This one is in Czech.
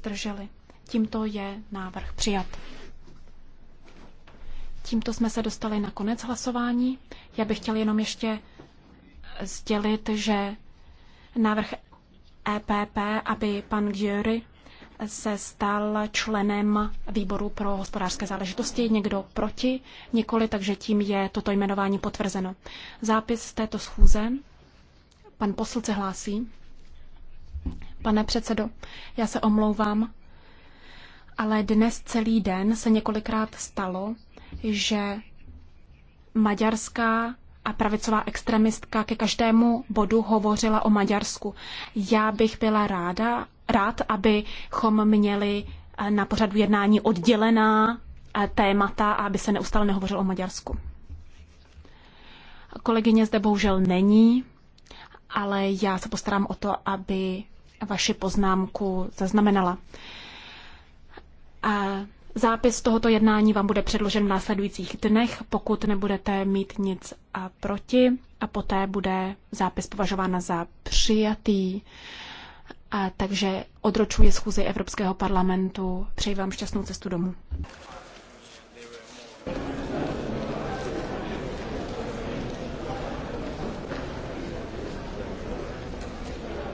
zdrželi. Tímto je návrh přijat. Tímto jsme se dostali na konec hlasování. Já bych chtěl jenom ještě sdělit, že návrh EPP, aby pan Gjury se stal členem výboru pro hospodářské záležitosti, někdo proti, nikoli, takže tím je toto jmenování potvrzeno. Zápis z této schůze. Pan posl se hlásí. Pane předsedo, já se omlouvám, ale dnes celý den se několikrát stalo, že maďarská a pravicová extremistka ke každému bodu hovořila o Maďarsku. Já bych byla ráda, rád, abychom měli eh, na pořadu jednání oddělená eh, témata a aby se neustále nehovořilo o Maďarsku. Kolegyně zde bohužel není, ale já se postarám o to, aby vaši poznámku zaznamenala. A zápis tohoto jednání vám bude předložen v následujících dnech, pokud nebudete mít nic a proti, a poté bude zápis považována za přijatý. A takže odročuji schůzi Evropského parlamentu. Přeji vám šťastnou cestu domů.